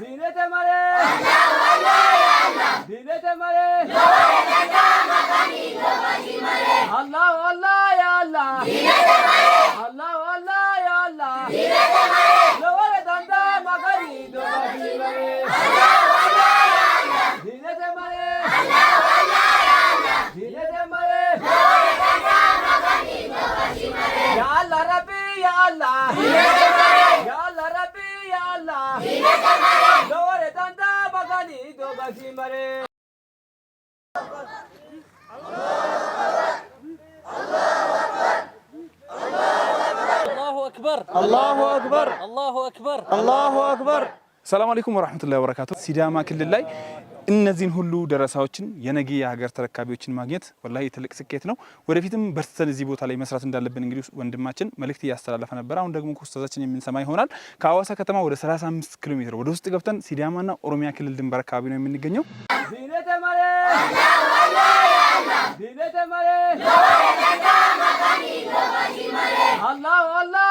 Dine temare. Allah Allah ya Allah. Dine temare. Lore kata makani mare. Allah Allah ya Allah. Dine temare. አክበር አላሁ አክበር አላሁ አክበር አላሁ አክበር። ሰላም አለይኩም ወራህመቱላሂ ወበረካቱ። ሲዳማ ክልል ላይ እነዚህን ሁሉ ደረሳዎችን የነገ የሀገር ተረካቢዎችን ማግኘት ወላሂ ትልቅ ስኬት ነው። ወደፊትም በርትተን እዚህ ቦታ ላይ መስራት እንዳለብን እንግዲህ ወንድማችን መልእክት እያስተላለፈ ነበር። አሁን ደግሞ ከኡስታዛችን የምንሰማ ይሆናል። ከሀዋሳ ከተማ ወደ 35 ኪሎ ሜትር ወደ ውስጥ ገብተን ሲዳማና ኦሮሚያ ክልል ድንበር አካባቢ ነው የምንገኘው። አላሁ አላህ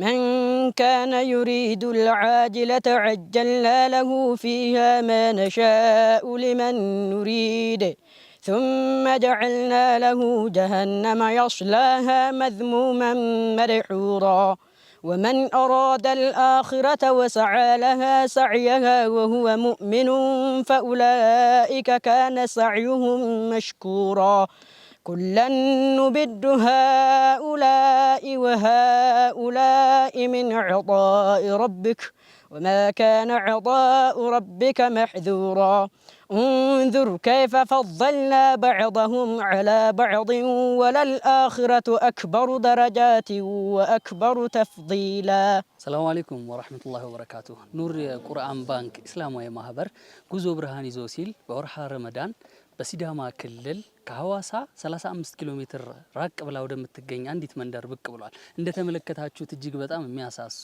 من كان يريد العاجلة عجلنا له فيها ما نشاء لمن نريد ثم جعلنا له جهنم يصلاها مذموما مرحورا ومن أراد الآخرة وسعى لها سعيها وهو مؤمن فأولئك كان سعيهم مشكورا كلا نبد هؤلاء وهؤلاء من عطاء ربك وما كان عطاء ربك محذورا انظر كيف فضلنا بعضهم على بعض وللآخرة أكبر درجات وأكبر تفضيلا السلام عليكم ورحمة الله وبركاته نور قرآن بانك إسلام ويمهبر قزو برهاني زوسيل بورحة رمضان በሲዳማ ክልል ከሐዋሳ 35 ኪሎ ሜትር ራቅ ብላ ወደምትገኝ አንዲት መንደር ብቅ ብሏል። እንደተመለከታችሁት እጅግ በጣም የሚያሳሱ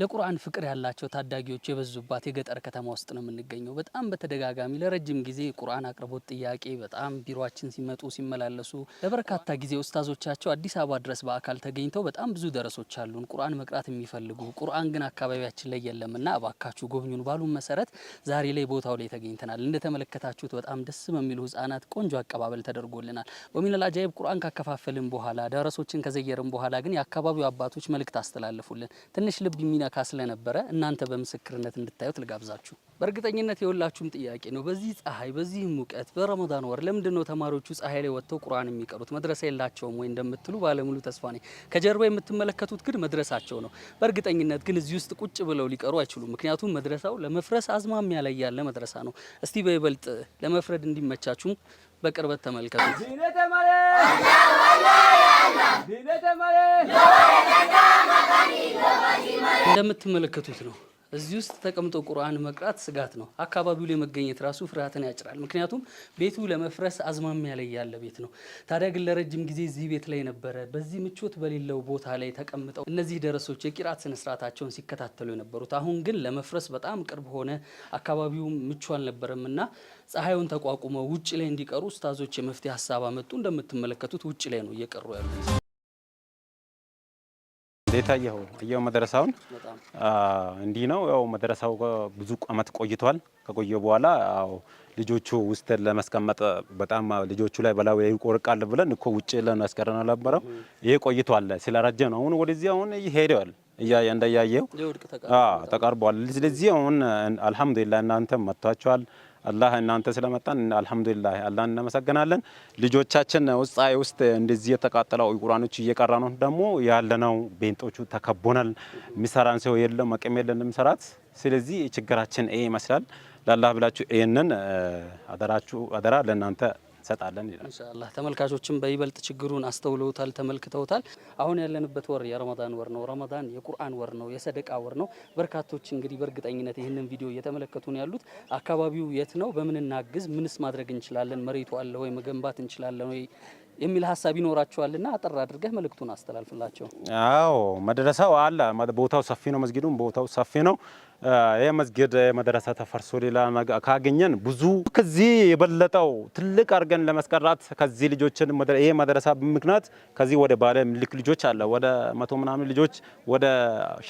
ለቁርአን ፍቅር ያላቸው ታዳጊዎች የበዙባት የገጠር ከተማ ውስጥ ነው የምንገኘው። በጣም በተደጋጋሚ ለረጅም ጊዜ ቁርአን አቅርቦት ጥያቄ በጣም ቢሮችን ሲመጡ ሲመላለሱ ለበርካታ ጊዜ ኡስታዞቻቸው አዲስ አበባ ድረስ በአካል ተገኝተው በጣም ብዙ ደረሶች አሉን ቁርአን መቅራት የሚፈልጉ ቁርአን ግን አካባቢያችን ላይ የለምና እባካችሁ ጎብኙን ባሉን መሰረት ዛሬ ላይ ቦታው ላይ ተገኝተናል። እንደተመለከታችሁት በጣም ደስ በሚሉ ህጻናት ቆንጆ አቀባበል ተደርጎልናል። ወሚነል አጃኢብ ቁርአን ካከፋፈልን በኋላ ደረሶችን ከዘየርን በኋላ ግን የአካባቢው አባቶች መልእክት አስተላልፉልን ትንሽ ልብ የሚነ የሚነካ ስለነበረ እናንተ በምስክርነት እንድታዩት ልጋብዛችሁ። በእርግጠኝነት የሁላችሁም ጥያቄ ነው። በዚህ ፀሐይ፣ በዚህ ሙቀት በረመዳን ወር ለምንድን ነው ተማሪዎቹ ፀሐይ ላይ ወጥተው ቁርአን የሚቀሩት? መድረሳ የላቸውም ወይ እንደምትሉ ባለሙሉ ተስፋ ነኝ። ከጀርባ የምትመለከቱት ግን መድረሳቸው ነው። በእርግጠኝነት ግን እዚህ ውስጥ ቁጭ ብለው ሊቀሩ አይችሉም። ምክንያቱም መድረሳው ለመፍረስ አዝማሚያ ላይ ያለ መድረሳ ነው። እስቲ በይበልጥ ለመፍረድ እንዲመቻችሁ በቅርበት ተመልከቱ። እንደምትመለከቱት ነው። እዚህ ውስጥ ተቀምጦ ቁርአን መቅራት ስጋት ነው። አካባቢው ላይ መገኘት ራሱ ፍርሃትን ያጭራል። ምክንያቱም ቤቱ ለመፍረስ አዝማሚያ ላይ ያለ ቤት ነው። ታዲያ ግን ለረጅም ጊዜ እዚህ ቤት ላይ ነበረ። በዚህ ምቾት በሌለው ቦታ ላይ ተቀምጠው እነዚህ ደረሶች የቂራት ስነስርዓታቸውን ሲከታተሉ የነበሩት፣ አሁን ግን ለመፍረስ በጣም ቅርብ ሆነ። አካባቢው ምቹ አልነበረም እና ፀሐዩን ተቋቁመው ውጭ ላይ እንዲቀሩ ኡስታዞች የመፍትሄ ሀሳብ አመጡ። እንደምትመለከቱት ውጭ ላይ ነው እየቀሩ ያሉት። እንዴት አየኸው? አየኸው መድረሳውን እንዲህ ነው ያው መድረሳው ብዙ አመት ቆይቷል። ከቆየ በኋላ ያው ልጆቹ ውስጥ ለማስቀመጥ በጣም ልጆቹ ላይ በላው ይቆርቃል ብለን እኮ ውጭ ለናስቀረና ነበረው። ይሄ ቆይቷል ስለረጀ ነው። አሁን ወደዚህ አሁን ይሄዳል እያየ እንደያየው ተቃርቧል። ስለዚህ አሁን አልሐምዱሊላህ እናንተም መጥታችኋል። አላህ እናንተ ስለመጣን አልሐምዱሊላህ አላህን እናመሰግናለን። ልጆቻችን ውስጥ ውስጥ እንደዚህ የተቃጠለው ቁርአኖች እየቀራ ነው። ደግሞ ያለነው ቤንጦቹ ተከቦናል። የሚሰራን ሰው የለም፣ አቅም የለንም ሰራት። ስለዚህ ችግራችን ይሄ ይመስላል። ለአላህ ብላችሁ ይሄንን አደራችሁ አደራ ለእናንተ እንሰጣለን ይላል። ኢንሻአላህ ተመልካቾችም በይበልጥ ችግሩን አስተውለውታል፣ ተመልክተውታል። አሁን ያለንበት ወር የረመዳን ወር ነው። ረመዳን የቁርአን ወር ነው፣ የሰደቃ ወር ነው። በርካቶች እንግዲህ በእርግጠኝነት ይህንን ቪዲዮ እየተመለከቱ ነው ያሉት። አካባቢው የት ነው? በምን እናግዝ? ምንስ ማድረግ እንችላለን? መሬቱ አለ ወይ? መገንባት እንችላለን ወይ የሚል ሀሳብ ይኖራቸዋልና አጠር አድርገህ መልእክቱን አስተላልፍላቸው። አዎ መድረሳው አለ ቦታው ሰፊ ነው። መስጊዱም ቦታው ሰፊ ነው። ይህ መስጊድ መድረሳ ተፈርሶ ሌላ ካገኘን ብዙ ከዚህ የበለጠው ትልቅ አድርገን ለመስቀራት ከዚህ ልጆችን ይህ መድረሳ ምክንያት ከዚህ ወደ ባለ ምልክ ልጆች አለ ወደ መቶ ምናምን ልጆች ወደ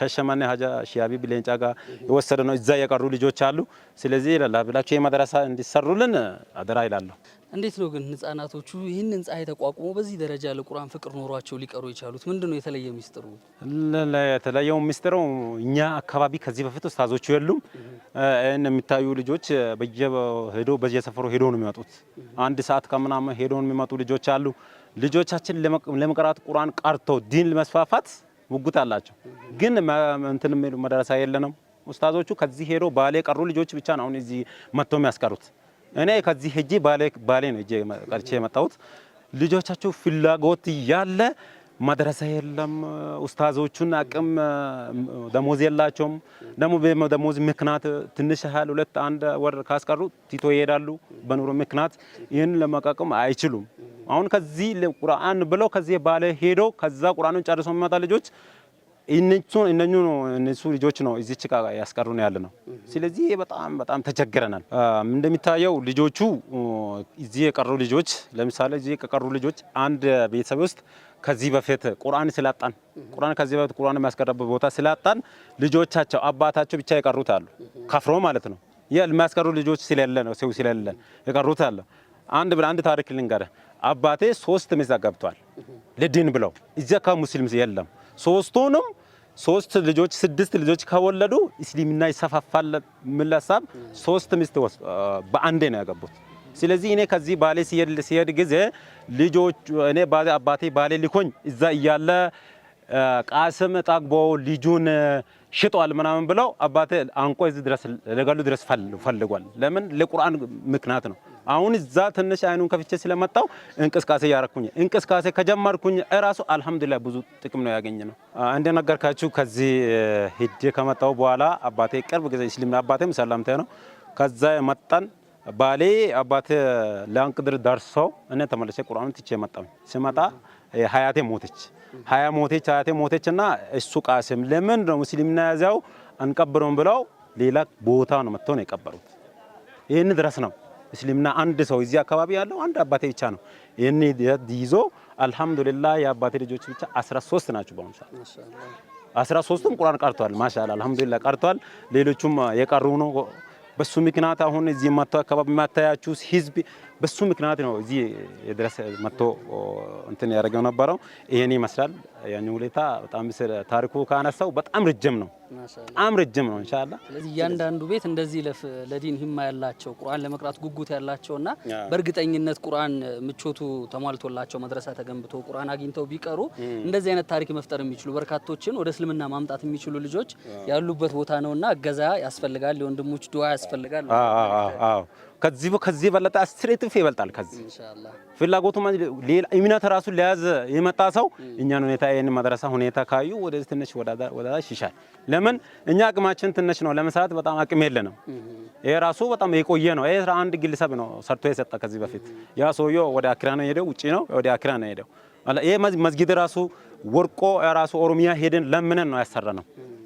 ሸሸመኔ ሀጃ ሺያቢ ብሌንጫ ጋር የወሰደ ነው። እዛ የቀሩ ልጆች አሉ። ስለዚህ ይላላ ብላቸው ይህ መድረሳ እንዲሰሩልን አደራ ይላለሁ። እንዴት ነው ግን ህጻናቶቹ ይህንን ፀሐይ ተቋቁሞ በዚህ ደረጃ ለቁርአን ፍቅር ኖሯቸው ሊቀሩ የቻሉት? ምንድን ነው የተለየ ሚስጥሩ? የተለየው ሚስጥሩ እኛ አካባቢ ከዚህ በፊት ኡስታዞቹ የሉም። ይህን የሚታዩ ልጆች ሄዶ በየሰፈሩ ሄዶ ነው የሚመጡት። አንድ ሰዓት ከምናምን ሄዶ የሚመጡ ልጆች አሉ። ልጆቻችን ለመቅራት ቁርአን ቀርቶ ዲን ለመስፋፋት ውጉት አላቸው። ግን እንትን መደረሳ የለንም። ኡስታዞቹ ከዚህ ሄዶ ባሌ ቀሩ ልጆች ብቻ ነው አሁን እዚህ መጥቶ የሚያስቀሩት። እኔ ከዚህ ሄጄ ባሌ ባሌ ነው ሄጄ ቀርቼ የመጣሁት። ልጆቻችሁ ፍላጎት ያለ መድረሳ የለም። ኡስታዞቹን አቅም ደሞዝ የላቸውም። ደግሞ ደሞዝ ምክንያት ትንሽ ያህል ሁለት አንድ ወር ካስቀሩ ቲቶ ይሄዳሉ። በኑሮ ምክንያት ይህን ለመቃቀም አይችሉም። አሁን ከዚህ ቁርአን ብለው ከዚህ ባለ ሄዶ ከዛ ቁርአኑን ጨርሶ የሚመጣ ልጆች እነሱን እነኙ እነሱ ልጆች ነው እዚች ቃ ያስቀሩን ያለ ነው። ስለዚህ በጣም በጣም ተቸግረናል። እንደሚታየው ልጆቹ እዚህ የቀሩ ልጆች ለምሳሌ እዚህ ከቀሩ ልጆች አንድ ቤተሰብ ውስጥ ከዚህ በፊት ቁርአን ስላጣን ቁርአን ከዚህ በፊት ቁርአን የሚያስቀርበት ቦታ ስላጣን ልጆቻቸው አባታቸው ብቻ የቀሩት አሉ። ከፍሮ ማለት ነው የሚያስቀሩ ልጆች ስለሌለ ነው ሰው ስለሌለ የቀሩት አለ። አንድ ብለህ አንድ ታሪክ ልንገርህ። አባቴ ሶስት ሚስት አግብቷል ለዲን ብለው እዚያ ከሙስሊም የለም ሶስቱንም ሶስት ልጆች ስድስት ልጆች ከወለዱ እስልምና ይሰፋፋል የሚል ሀሳብ ሶስት ሚስት በአንዴ ነው ያገቡት። ስለዚህ እኔ ከዚህ ባሌ ሲሄድ ጊዜ ልጆች እኔ ባዚ አባቴ ባሌ ሊኮኝ እዛ እያለ ቃስም ጠግቦ ልጁን ሽጧል ምናምን ብለው አባቴ አንቆ እዚህ ድረስ ለገሉ ድረስ ፈልጓል። ለምን ለቁርአን ምክንያት ነው። አሁን እዛ ትንሽ አይኑን ከፍቼ ስለመጣው እንቅስቃሴ ያረኩኝ እንቅስቃሴ ከጀመርኩኝ እራሱ አልሐምዱሊላህ ብዙ ጥቅም ነው ያገኘ ነው። ነገርካችሁ ከዚህ ሂዴ ከመጣው በኋላ አባቴ ቅርብ ጊዜ እስልምና አባቴም ሰላምታ ነው። ከዛ የመጣን ባሌ አባቴ ለአንቅድር ደርሶ እኔ ተመለሰ ቁርአን ትቼ መጣም ስመጣ ሀያቴ ሞተች። ሀያ ሞተች ሀያቴ ሞተች እና እሱ ቃስም ለምን ነው ሙስሊምና ያዘው አንቀብረውም ብለው ሌላ ቦታ ነው መጥተው ነው የቀበሩት። ይህን ድረስ ነው እስልምና አንድ ሰው እዚህ አካባቢ ያለው አንድ አባቴ ብቻ ነው። ይህን ይዞ አልሐምዱሊላህ የአባቴ ልጆች ብቻ 13 ናቸው በአሁኑ ሰዓት። 13ቱም ቁርአን ቀርቷል። ማሻአላ አልሐምዱሊላህ ቀርቷል። ሌሎቹም የቀሩ ነው። በሱ ምክንያት አሁን እዚህ ማታ አካባቢ ማታያችሁ ህዝብ በሱ ምክንያት ነው እዚህ ድረስ መጥቶ እንትን ያደረገው ነበረው። ይሄን ይመስላል ያን ሁኔታ። በጣም ታሪኩ ካነሳው በጣም ረጅም ነው፣ በጣም ረጅም ነው ኢንሻአላ። ስለዚህ እያንዳንዱ ቤት እንደዚህ ለዲን ሂማ ያላቸው ቁርአን ለመቅራት ጉጉት ያላቸውና በእርግጠኝነት ቁርአን ምቾቱ ተሟልቶላቸው መድረሳ ተገንብቶ ቁርአን አግኝተው ቢቀሩ እንደዚህ አይነት ታሪክ መፍጠር የሚችሉ በርካቶችን ወደ እስልምና ማምጣት የሚችሉ ልጆች ያሉበት ቦታ ነውና እገዛ ያስፈልጋል፣ የወንድሞች ዱዓ ያስፈልጋል። ከዚህ ከዚህ በለጠ አስር እጥፍ ይበልጣል። ከዚህ ኢንሻአላህ ፍላጎቱ ሌላ እምነት ራሱ ለያዘ የመጣ ሰው እኛን ሁኔታ ይሄን መድረሳ ሁኔታ ካዩ ወደዚህ ትንሽ ወዳዳሽ ይሻል። ለምን እኛ አቅማችን ትንሽ ነው፣ ለመስራት በጣም አቅም የለንም። ይሄ ራሱ በጣም የቆየ ነው። ይሄ አንድ ግለሰብ ነው ሰርቶ የሰጠ ከዚህ በፊት ያ ሰውዬው ወደ አክራ ነው የሄደው፣ ውጪ ነው ወደ አክራ ነው የሄደው። ይሄ መስጊድ ራሱ ወርቆ ራሱ ኦሮሚያ ሄደን ለምነን ነው ያሰራ ነው